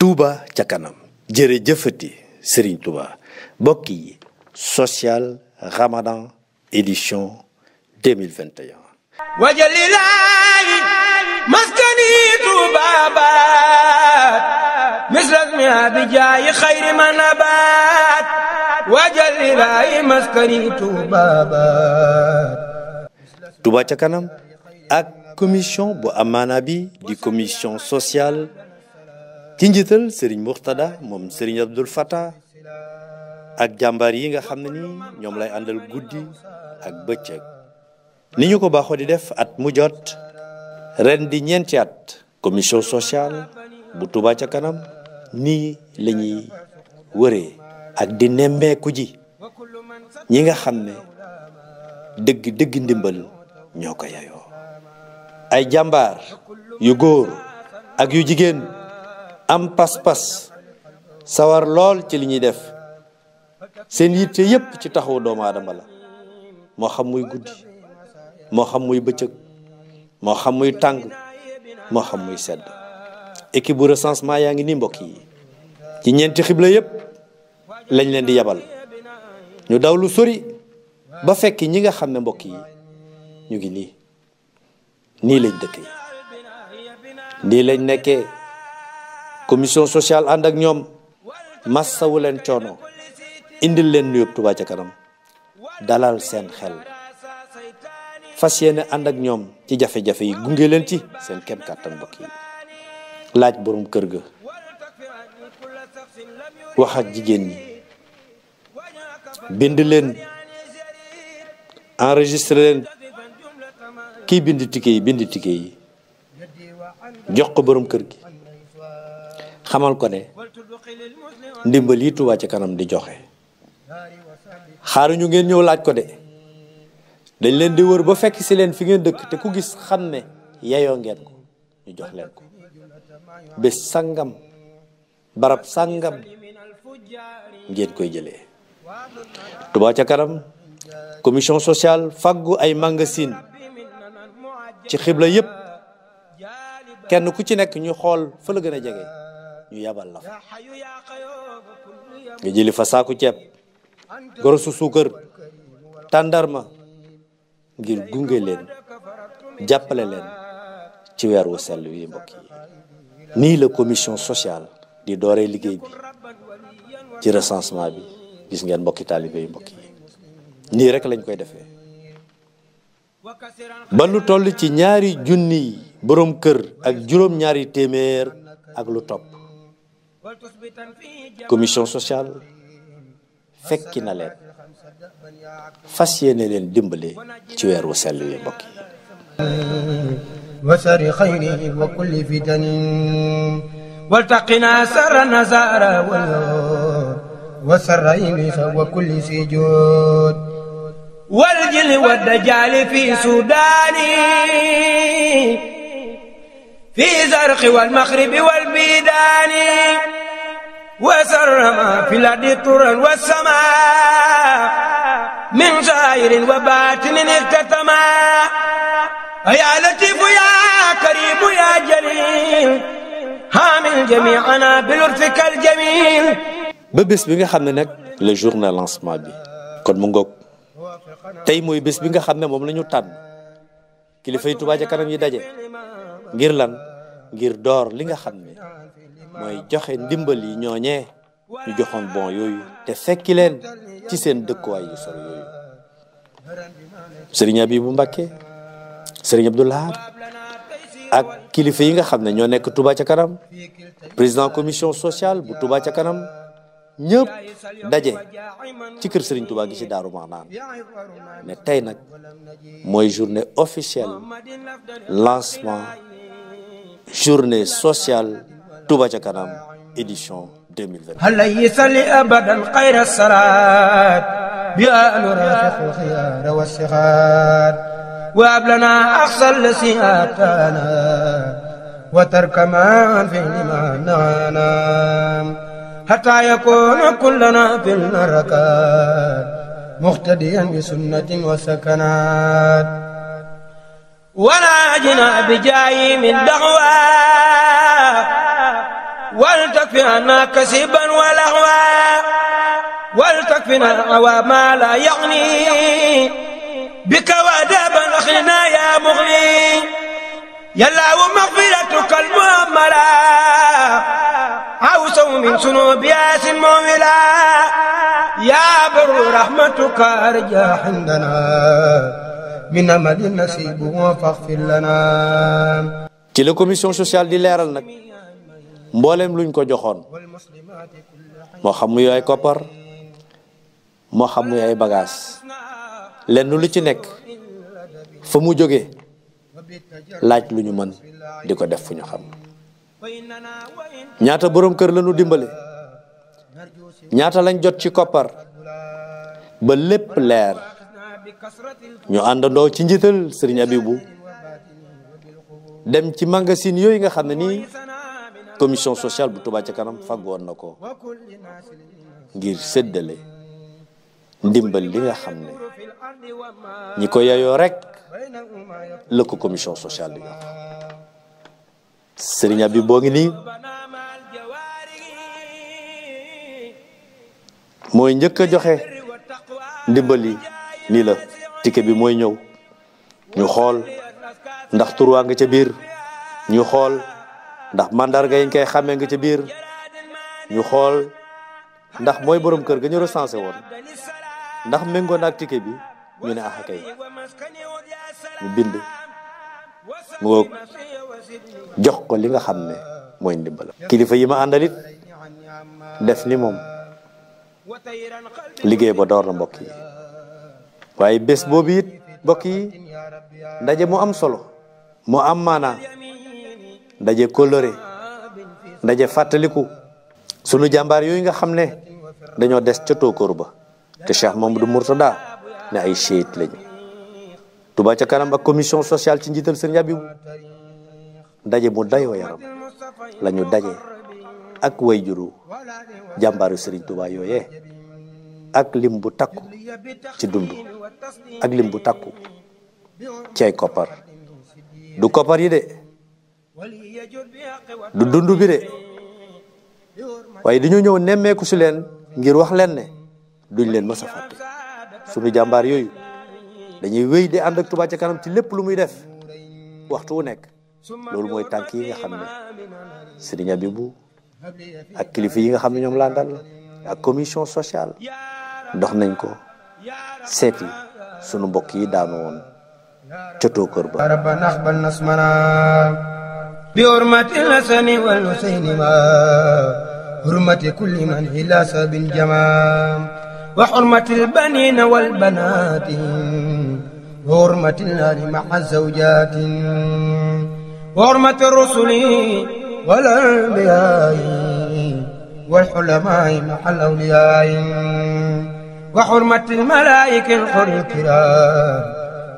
Touba ca kanam jërëjëfati Serigne Touba mbokk social Ramadan édition 2021 wajalilaayi maskani Touba baat misras mi abijaayi xayri ma nabaat wajalilaayi maskani Touba baat Touba ca kanam ak commission bu amaana bi di commission sociale ci njiital Serigne Mourtada moom Serigne Abdul Fattah ak jàmbaar yi nga xam ne ni ñoom lay àndal guddi ak bëccëg ni ñu ko baaxoo di def at mu jot ren di ñeenti at commission sociale bu Touba ca kanam nii la ñuy wëree ak di nemmeeku ji ñi nga xam ne dëgg dëgg ndimbal ñoo yayoo ay jàmbaar yu góor ak yu jigéen am pas-pas sawar lool ci li ñuy def seen yitte yépp ci taxawu doomu aadama la moo xam muy guddi moo xam muy bëccëg moo xam muy tàng moo xam muy sedd équipe bu recensement yaa ngi nii mbokk yi ci ñeenti xibla yépp lañ leen di yabal ñu daw lu sori ba fekk ñi nga xam ne mbokk yi ñu ngi nii nii lañ dëkkee nii lañ nekkee commission sociale ànd ak ñoom massawu leen coono indil leen nuyób Touba ca kanam dalal seen xel fas yéene ànd ak ñoom ci jafe-jafe yi gunge leen ci seen kem kàttan mbokk yi laaj borom kër ga wax jigéen ñi bind leen enregistré leen kii bind ticket yi bind ticket yi jox ko borom kër gi xamal ko ne ndimbal yi ci kanam di joxe xaaruñu ngeen ñëw laaj ko de dañ leen di wër ba fekk si leen fi ngeen dëkk te ku gis xam ne yayo ngeen ko ñu jox leen ko bés sangam barab sangam ngeen koy jëlee Touba ca kanam commission sociale faggu ay magasin ci xibla yépp kenn ku ci nekk ñu xool fa la gën a jege ñu yabal la fa nga jëli fa saaku ceeb gorosu suukar tàndarma ngir gunge leen jàppale leen ci weer wu sell wi mbokk yi nii la commission sociale di dooree liggéey bi ci recensement bi gis ngeen mbokki taalibe yi mbokk nii rek lañ koy defee ba lu toll ci ñaari junni borom kër ak juróom ñaari téeméer ak lu topp commission sociale fekki na leen fas yéene leen dimbale ci weeru sell wi mbokk yi wasari xayrihi wa kulli fitanin waltaqina sara nazara wasara ilisa wa kulli sijud waljil wa dajali fi sudani fi zarqi wal maghribi بيداني وسرما في الأرض طرا والسماء من ظاهر وباطن اختتما يا لطيف يا كريم يا جليل حامل جميعنا بلطفك الجميل ba bés bi nga xam ne nag le jour na bi kon mu ngoog tey mooy bés bi nga xam ne moom la ñu tànn kilifay Touba kanam yi daje ngir lan ngir door li nga xam ne mooy joxe ndimbal yi ñooñee ñu joxoon bon yooyu te fekki leen ci seen dëkkuwaay yu sori yooyu sëriñ Abibu Mbàkke sëriñ Abdoulahat ak kilifa yi nga xam ne ñoo nekk tubaa ca kanam président commission sociale bu Touba ca kanam ñëpp daje ci kër Serigne Touba gi ci Daaru Marnaan ne tey nag mooy journée officielle lancement journée sociale Touba ca kanam édition 2020 hal yisali abadan xayra salaat bi alu rafiq al khiyar wa sighar wa ablana ahsal siatana wa tarkama fi liman nana حتى يكون كلنا في الركات مقتديا بسنة وسكنات وراجنا بجاي من دعوى ولتكفنا كسبا ولهوا ولتكفنا وما لا يغني بك ودابا اخلنا يا مغني يا الله مغفرتك المؤمرة عوسوا من سنوب ياس مولا يا بر رحمتك ارجى عندنا min amali nasibu faxfir ci la commission sociale di leeral nag mbooleem luñ ko joxoon moo xam muy ay koppar moo xam muy ay bagages lenn lu ci nekk fa mu jóge laaj lu ñu mën di ko def fu ñu xam ñaata boroom kër la lañu dimbale ñaata lañ jot ci koppar ba lépp leer ñu àndandoo ci njiital Serigne Abibou dem ci magasin yooyu nga xam ne nii commission sociale bu Touba ca kanam faggoon na ko ngir séddale ndimbal li nga xam ne ñi ko yayoo rek lëkk commission sociale bi jox Serigne ngi nii mooy njëkk a joxe ndimbal yi. nii la ticket bi mooy ñëw ñu xool ndax tur waa nga ca biir ñu xool ndax mandarga yi koy xàmmee nga ca biir ñu xool ndax mooy borom kër ga ñu recensé woon ndax méngoo na ak ticket bi ñu ah, bind mu jox ko li nga xam ne mooy ndimbala kilifa yi ma àndalit def ni moom liggéey ba door na mbokk yi waaye bés boobu it mbokk yi ndaje mu am solo mu am maanaa ndaje coloré ndaje fàttaliku sunu jàmbaar yooyu nga xam ne dañoo des ca tóokóor ba te Cheikh Mamadou Mourtada ne ay chéit lañu Touba ca kanam commission sociale ci njiital sëriñ Abibu ndaje mu dayoo yaram la daje ak way juru jàmbaaru sëriñ Touba yooyee ak lim bu takku ci dund ak lim bu takku ci ay koppar du koppar yi de du dund bi de waaye dañu ñëw nemmeeku si leen ngir wax leen ne duñ leen mës a fàtte suñu jàmbaar yooyu dañuy wéy de ànd ak Touba ca kanam ci lépp lu muy def waxtu wu nekk loolu mooy tànk yi nga xam ne Serigne Abibou ak kilifa yi nga xam ne ñoom laa dal ak commission sociale dox nañ ko seeti sunu mbokk yi daanu woon ca tookër ba rabbana aqbal nasmana bi hurmatil hasani wal husayni ma hurmati kulli man hilasa bil jamam wa hurmatil banina wal banati wa hurmatil ali ma'a zawjatin wa hurmatir rusuli wal anbiya'i wal hulamai ma'a al awliya'i وحرمة الملائكة الحر الكرام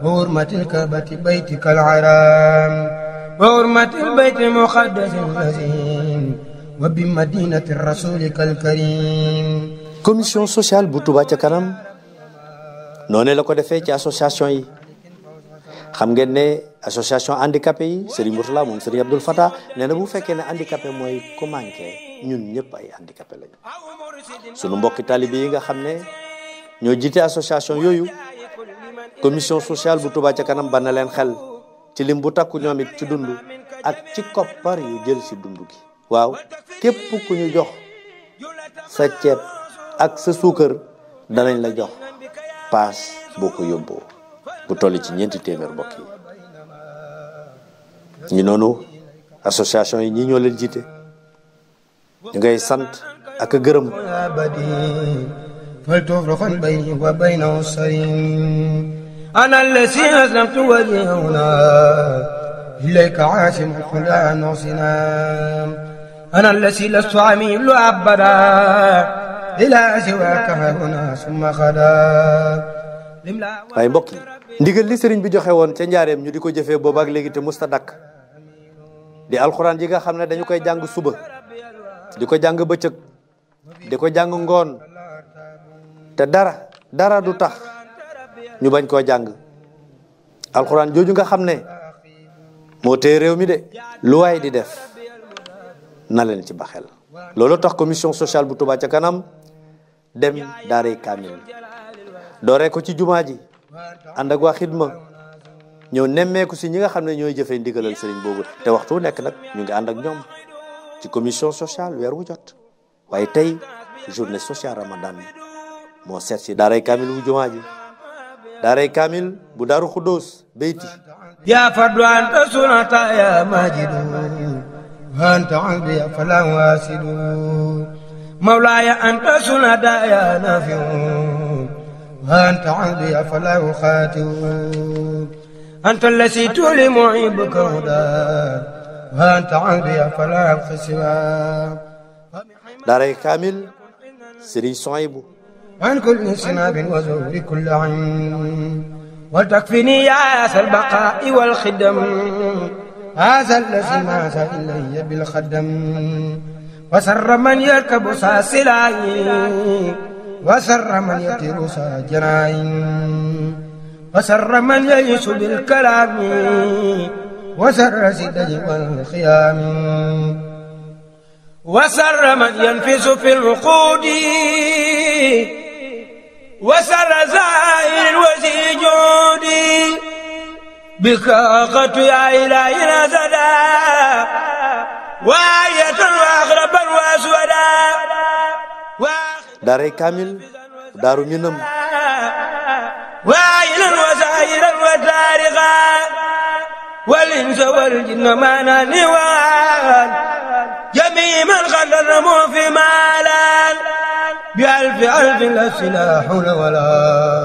وحرمة الكعبة بيتك الحرام وحرمة البيت المقدس العظيم وبمدينة رسولك الكريم commission sociale bu Touba ca kanam noone la ko defee ci association yi xam ngeen ne association handicapé yi Serigne Mourtala moom Serigne Abdoul Fattah bu fekkee ne handicapé mooy ko manqué ñun ñëpp ay handicapé lañu sunu mbokki talibi yi nga xam ne ñoo jiite association yooyu commission sociale bu Touba ca kanam ban leen xel ci lim bu takku ñoom it ci dund ak ci koppar yu jël si dund gi waaw képp ku ñu jox sa ceeb ak sa suukar danañ la jox paas boo ko yóbboo bu toll ci ñeenti téeméer mbokk ñu noonu association yi ñu ñoo leen jiite ñu ngay sant ak a gërëm فلتفرق بيني وبينه السليم أنا الذي أسلمت وجهي هنا إليك عاصم كل أن وصنام أنا الذي لست عميل أبدا إلى سواك هنا ثم خدا waaye mbokk yi ndigal li sëriñ bi joxe woon ca njaareem ñu di ko jëfee boobaak léegi te musta dakk di alxuraan yi nga xam ne dañu koy jàng suba di ko jàng bëccëg di ko jàng ngoon te dara dara du tax ñu bañ koo jàng alxuraan jooju nga xam ne moo tee réew mi de lu waay di def na leen ci baxel loolu tax commission sociale bu Touba ca kanam dem daaray kaamil dooree ko ci jumaa ji ànd ak waa xidma ñëw nemmeeku si ñi nga xam ne ñooy jëfee ndigalal sëriñ boobu te waxtu nekk nag ñu ngi ànd ak ñoom ci commission sociale weer wu jot waaye tey journée sociale ramadan moo seet si daaray kaamil bu jumaa ji daaray kaamil bu daaru xuddoos beyti yaa fadlu anta sunata ya majidu wa anta abdi fala wasidu mawlaaya anta sunata ya nafiu wa anta abdi fala uxatiu anta lasi tuli muhibuka huda wa anta abdi fala xisiwa daaray kaamil sëriñ Sohaybu عن كل صناب وزور كل عين وتكفني يا أسى البقاء والخدم هذا الذي ماس إلي بالخدم وسر من يركب ساسلاي وسر من يطير ساجراي وسر من يعيش بالكلام وسر سدج والخيام وسر من ينفس في العقود وسر زائر وزي جودي بك أخذت يا إلهي نزلا وآية وأغربا وأسودا داري كامل دارو منم وائلا وزائرا وزارقا والإنس والجن معنا نوال جميع من خلقنا في مالان بألف ألف نفس لا حول ولا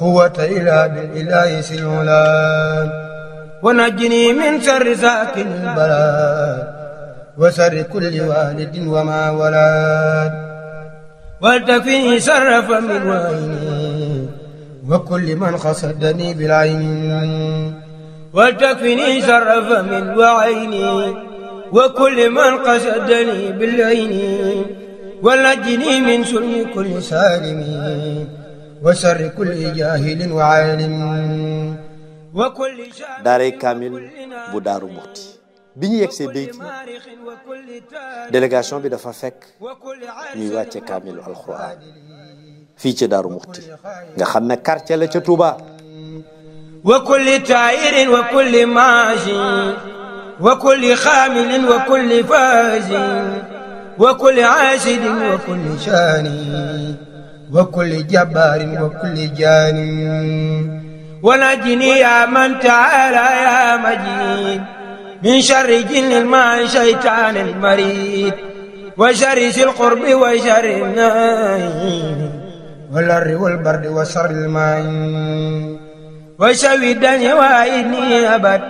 قوة إلا بالإله سلولا ونجني من شر ساكن البلاد وشر كل والد وما ولد والتكفيني شرف من وعيني وكل من خصدني بالعين والتكفيني شرف من وعيني وكل من قصدني بالعين ونجني من شر كل سالم وشر كل جاهل وعالم وكل daaray kaamil bu Daaru Muxti bi ñu yegsee béyti délégation bi dafa fekk ñuy wàcce kaamilu alxuraan fii ci Daaru Muxti nga xam ne quartier la ca Touba wa kulli taayirin wa kulli maacin wa kulli xaamilin wa kulli faasin wa kulli aasidin wa kulli shaani wa kulli jabbaarin wa kulli jaanin wa najjini yaa man ta'aala yaa majiid min sharri jinnil maa shaytaanil mariid wa sharri zil qurbi wa sharri naayin wal arri wal bardi wa sharril maayin wa shawi dani wa inni abad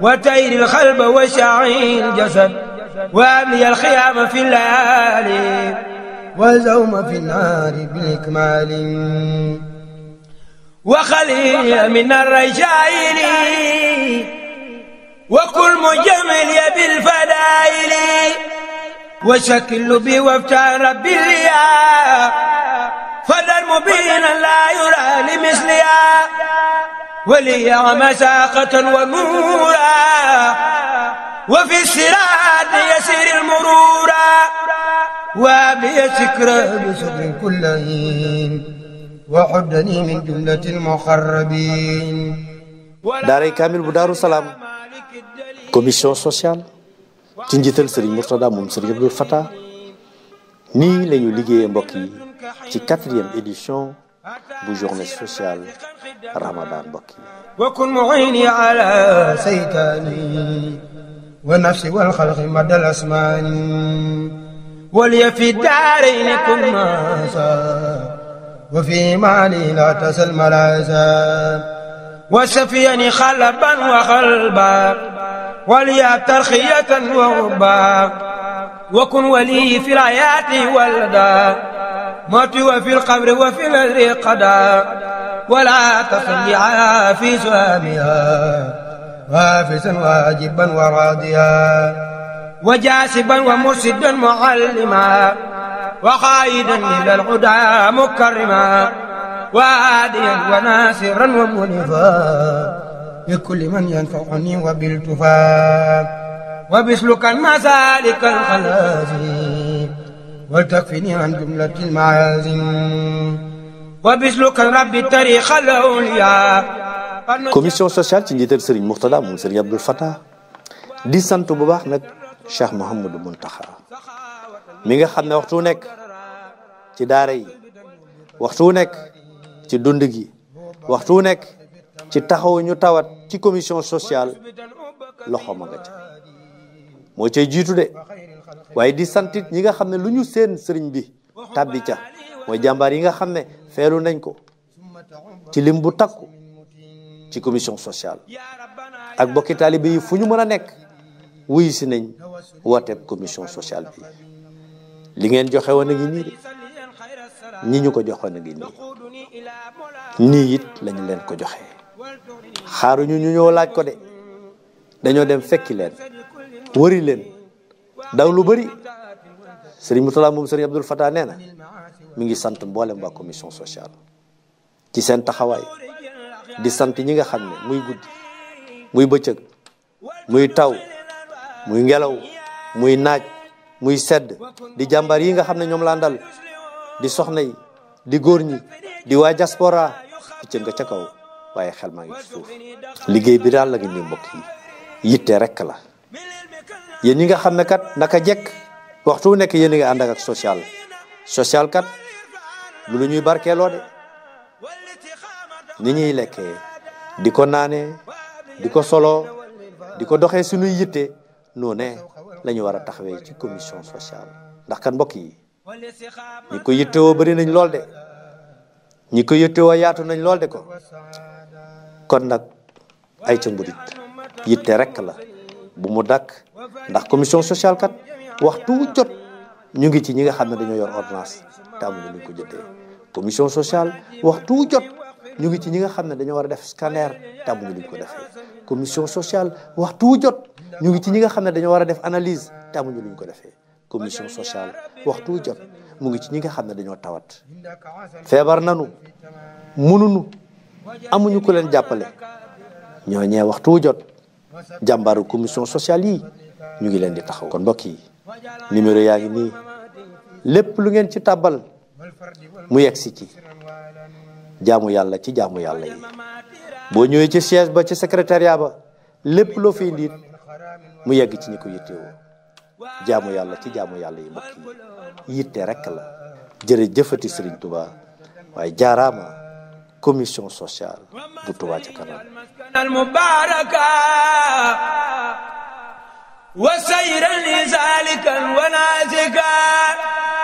wa tayril xalba wa shaa'il jasad وأمني الخيام في الليالي والزوم في النار بالإكمال وخلي من الرجائل وكل مجمل بالفدائل وشكل بي وافتان رب اليا فدر مبينا لا يرى لمثليا ولي مساقة ونورا وفي السراط يسير المرورا وابي سكر بسر كل هين وحدني من جملة المقربين bu daaru salaam commission sociale ci njiital Serigne Mourtada moom Serigne Abdou Fata nii la ñu liggéeyee mbokk yi ci quatrième édition bu journée social Ramadan mbokk yi. wa nafsi wal xalqi madal asmaani waliya fi daarayni kun maasa wa fi maali la tasal malaasa wa safiyani xalaban wa xalba waliya tarxiyatan wa hubba wa kun wali fi layaati walda moti wa fi lqabri wa fi lariqada wala tasalli ala fi suamiha حافسا واجبا وراضيا وجاسبا ومرشدا معلما وقائدا إلى العدى مكرما وهاديا وناصرا ومنفا بكل من ينفعني وبالتفاق وبسلك المسالك الخلافي ولتكفني عن جملة المعازم وبسلك رب الطريق الأولياء commission sociale ci njiital Serigne Mourtada moom Serigne Abdoul Fattah di sant bu baax nag Cheikh Mouhamadou Mountakha mi nga xam ne waxtu nekk ci daara yi waxtu nekk ci dund gi waxtu nekk ci taxaw ñu tawat ci commission sociale loxo ma nga ca moo cay jiitu de waaye di santit ñi nga xam ne lu ñu seen sëriñ bi tàbbi ca mooy jàmbaar yi nga xam ne feelu nañ ko ci lim bu takku ci commission sociale ak bokki taalibe yi fu ñu mën a nekk wuyu si nañ commission sociale bi li ngeen joxe woon a ngi de ñi ñu ko joxoon a ngi nii nii it lañu leen ko joxe xaaruñu ñu ñoo laaj ko de dañoo dem fekki leen wëri leen daw lu bëri sëriñ Moutala moom sëriñ Abdul Fattah nee na mi ngi sant mboolem waa commission sociale ci seen taxawaay di sant ñi nga xam ne muy guddi muy bëccëg muy taw muy ngelaw muy naaj muy sedd di jàmbaar yi nga xam ne ñoom laa dal di soxna di góor di waa diaspora pëccëg nga ca kaw waaye xel maa ngi ci suuf liggéey bi daal la ngi ni mbokk yi yitte rekk la yéen yi nga xam ne kat naka jekk waxtu nekk yéen a ngi ànd social social kat lu ñuy barkeeloo de ni ñuy lekkee di ko naanee di ko soloo di ko doxee suñuy yitte noonee la lañu war a taxawee ci commission sociale ndax kan mbokk yi ñi ko yittewoo bëri nañ lool de ñi ko yittewoo yaatu nañ lool de ko kon nag ay ca mburit yitte rekk la bu mu dakk ndax commission sociale kat waxtu jot ñu ngi ci ñi nga xam ne dañoo yor ordonnance te amuñu luñ ko jotee commission sociale waxtu jot ñu ngi ci ñi nga xam ne dañoo war a def scanner tàmmuñu duñ ko defee commission sociale waxtu jot ñu ngi ci ñi nga xam ne dañoo war a def analyse tàmmuñu luñ ko defee commission sociale waxtu wu jot mu ngi ci ñi nga xam ne dañoo tawat feebar nanu mënuñu amuñu ko leen jàppale ñoo ñee waxtu jot jàmbaaru commission sociale yi ñu ngi leen di taxaw kon mbokk yi numéro yaa ngi nii lépp lu ngeen ci tabal mu yegg si ci jaamu yàlla ci jaamu yàlla yi boo ñëwee ci siège ba ci secrétariat lépp loo fi indi mu yegg ci ñi ko yittewoo jaamu yàlla ci jaamu yàlla yi mbokk yi yitte rekk la jërëjëfati Serigne Touba waaye jaaraama commission sociale bu Touba ca kanam almubaraka wa sayran li zalika wa nazika